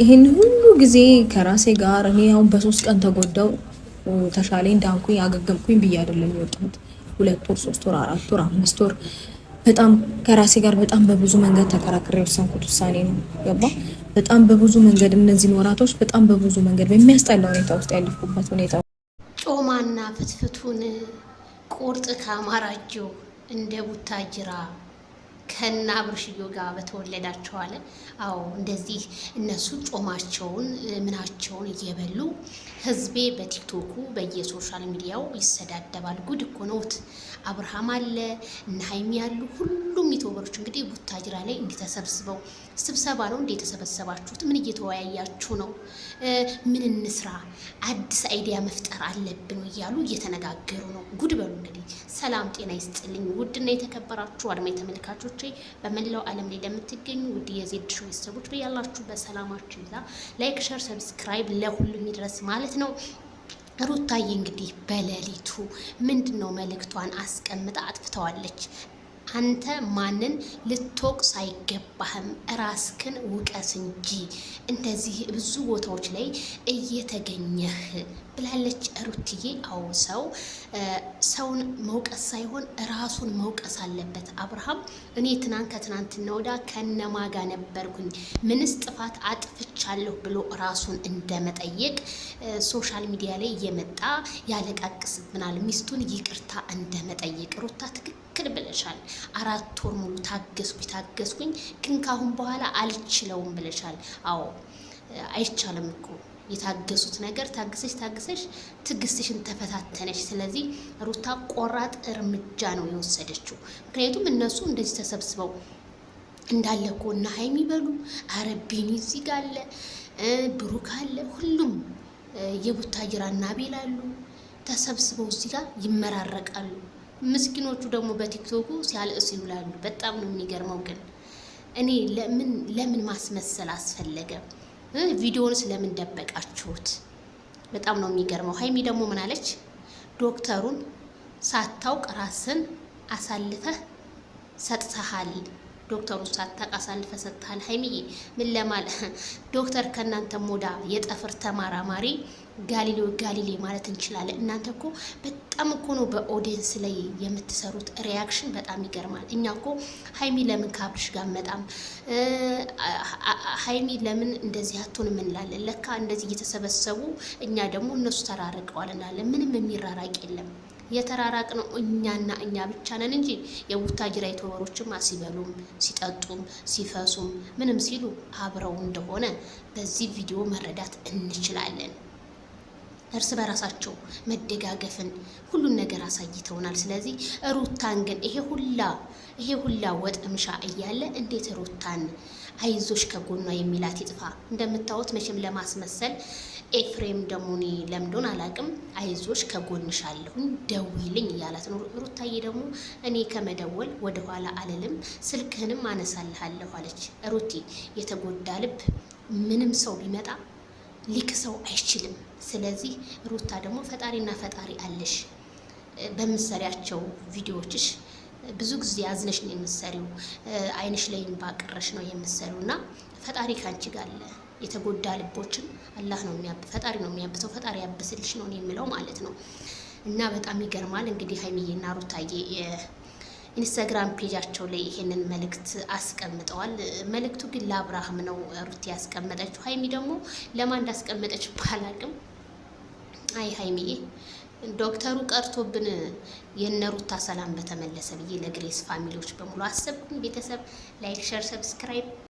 ይሄን ሁሉ ጊዜ ከራሴ ጋር እኔ አሁን በሶስት ቀን ተጎዳው ተሻለኝ እንዳንኩኝ አገገምኩኝ ብዬ አይደለም የወጣሁት። ሁለት ወር፣ ሶስት ወር፣ አራት ወር፣ አምስት ወር በጣም ከራሴ ጋር በጣም በብዙ መንገድ ተከራክሬ የወሰንኩት ውሳኔ ነው። ገባ በጣም በብዙ መንገድ እነዚህ ወራቶች በጣም በብዙ መንገድ በሚያስጠላ ሁኔታ ውስጥ ያለፍኩበት ሁኔታ ጮማና ፍትፍቱን ቁርጥ ከአማራጆ እንደ ቡታጅራ ከና ብርሽዮ ጋር በተወለዳቸው አለ። አዎ እንደዚህ እነሱ ጮማቸውን ምናቸውን እየበሉ ህዝቤ በቲክቶኩ በየሶሻል ሚዲያው ይሰዳደባል። ጉድ እኮ ነውት። አብርሃም አለ እነ ሀይሚ ያሉ ሁሉም ኢትዮበሮች እንግዲህ ቡታጅራ ላይ እንዲተሰብስበው ስብሰባ ነው እንደ የተሰበሰባችሁት? ምን እየተወያያችሁ ነው? ምን እንስራ፣ አዲስ አይዲያ መፍጠር አለብን እያሉ እየተነጋገሩ ነው። ጉድ በሉ እንግዲህ። ሰላም ጤና ይስጥልኝ ውድና የተከበራችሁ አድማ የተመልካቾች ቤተሰቦቼ በመላው ዓለም ላይ ለምትገኙ ውድ የዜድ ሾው ቤተሰቦች በያላችሁ በሰላማችሁ ይዛ ላይክ፣ ሸር፣ ሰብስክራይብ ለሁሉም ይድረስ ማለት ነው። ሩታዬ እንግዲህ በሌሊቱ ምንድን ነው መልእክቷን አስቀምጣ አጥፍተዋለች። አንተ ማንን ልትወቅስ አይገባህም፣ ራስክን ውቀስ እንጂ እንደዚህ ብዙ ቦታዎች ላይ እየተገኘህ ብላለች ሩትዬ። አዎ ሰው ሰውን መውቀስ ሳይሆን ራሱን መውቀስ አለበት። አብርሃም እኔ ትናንት ከትናንትና ወዳ ከነማ ነበርኩኝ ምንስ ጥፋት አጥፍቻለሁ ብሎ ራሱን እንደመጠየቅ ሶሻል ሚዲያ ላይ እየመጣ ያለቃቅስብናል፣ ሚስቱን ይቅርታ እንደመጠየቅ ሩታ ትክክል ትክክል ብለሻል። አራት ወር ሙሉ ታገስኩኝ ታገስኩኝ፣ ግን ካሁን በኋላ አልችለውም ብለሻል። አዎ አይቻልም እኮ የታገሱት ነገር ታግሰሽ ታግሰሽ ትዕግስትሽን ተፈታተነሽ። ስለዚህ ሩታ ቆራጥ እርምጃ ነው የወሰደችው። ምክንያቱም እነሱ እንደዚህ ተሰብስበው እንዳለ እኮ እና ሀይሚ በሉ አረቢኒ እዚህ ጋ አለ ብሩክ አለ ሁሉም የቡታጅራ እና ቤላሉ ተሰብስበው እዚህ ጋር ይመራረቃሉ። ምስኪኖቹ ደግሞ በቲክቶኩ ሲያለቅሱ ይውላሉ። በጣም ነው የሚገርመው። ግን እኔ ለምን ለምን ማስመሰል አስፈለገ? ቪዲዮንስ ለምን ደበቃችሁት? በጣም ነው የሚገርመው። ሀይሚ ደግሞ ምን አለች? ዶክተሩን ሳታውቅ ራስን አሳልፈህ ሰጥተሃል ዶክተሩን ሳታውቅ አሳልፈ ሰጥታል። ሀይሚዬ ምን ለማለ ዶክተር ከእናንተ ሞዳ የጠፍር ተማራማሪ ጋሊሌ ጋሊሌ ማለት እንችላለን። እናንተ እኮ በጣም እኮ ነው በኦዲየንስ ላይ የምትሰሩት ሪያክሽን በጣም ይገርማል። እኛ እኮ ሀይሚ ለምን ካብርሽ ጋር መጣም ሀይሚ ለምን እንደዚህ አትሆንም እንላለን። ለካ እንደዚህ እየተሰበሰቡ እኛ ደግሞ እነሱ ተራርቀዋል እንላለን። ምንም የሚራራቅ የለም። የተራራቅ ነው እኛና እኛ ብቻ ነን እንጂ የቡታጅራ ተወሮችማ ሲበሉም ሲጠጡም ሲፈሱም ምንም ሲሉ አብረው እንደሆነ በዚህ ቪዲዮ መረዳት እንችላለን። እርስ በራሳቸው መደጋገፍን ሁሉን ነገር አሳይተውናል። ስለዚህ ሩታን ግን ይሄ ሁላ ይሄ ሁላ ወጥ ምሻ እያለ እንዴት ሩታን አይዞሽ ከጎኗ የሚላት ይጥፋ? እንደምታዩት መቼም ለማስመሰል ኤፍሬም ደግሞ እኔ ለምዶን አላቅም። አይዞሽ ከጎንሻለሁኝ ደውይልኝ እያላት ነው። ሩታዬ ደግሞ እኔ ከመደወል ወደኋላ አልልም፣ ስልክህንም አነሳልሃለሁ አለች። ሩቲ የተጎዳ ልብ ምንም ሰው ቢመጣ ሊክሰው አይችልም። ስለዚህ ሩታ ደግሞ ፈጣሪና ፈጣሪ አለሽ። በምሰሪያቸው ቪዲዮዎችሽ ብዙ ጊዜ አዝነሽ ነው የምሰሪው፣ አይንሽ ላይ ባቀረሽ ነው የምሰሪው እና ፈጣሪ ካንቺ ጋር አለ። የተጎዳ ልቦችን አላህ ነው የሚያብ ፈጣሪ ነው የሚያብሰው። ፈጣሪ ያብስልሽ ነው የሚለው ማለት ነው እና በጣም ይገርማል እንግዲህ ሀይሚዬና ሩታዬ ኢንስታግራም ፔጃቸው ላይ ይሄንን መልእክት አስቀምጠዋል። መልእክቱ ግን ለአብርሃም ነው ሩቲ ያስቀመጠችው። ሀይሚ ደግሞ ለማን እንዳስቀመጠች ባላቅም፣ አይ ሀይሚዬ ዶክተሩ ቀርቶብን የነ ሩታ ሰላም በተመለሰ ብዬ ለግሬስ ፋሚሊዎች በሙሉ አሰብኩኝ። ቤተሰብ ላይክ፣ ሸር፣ ሰብስክራይብ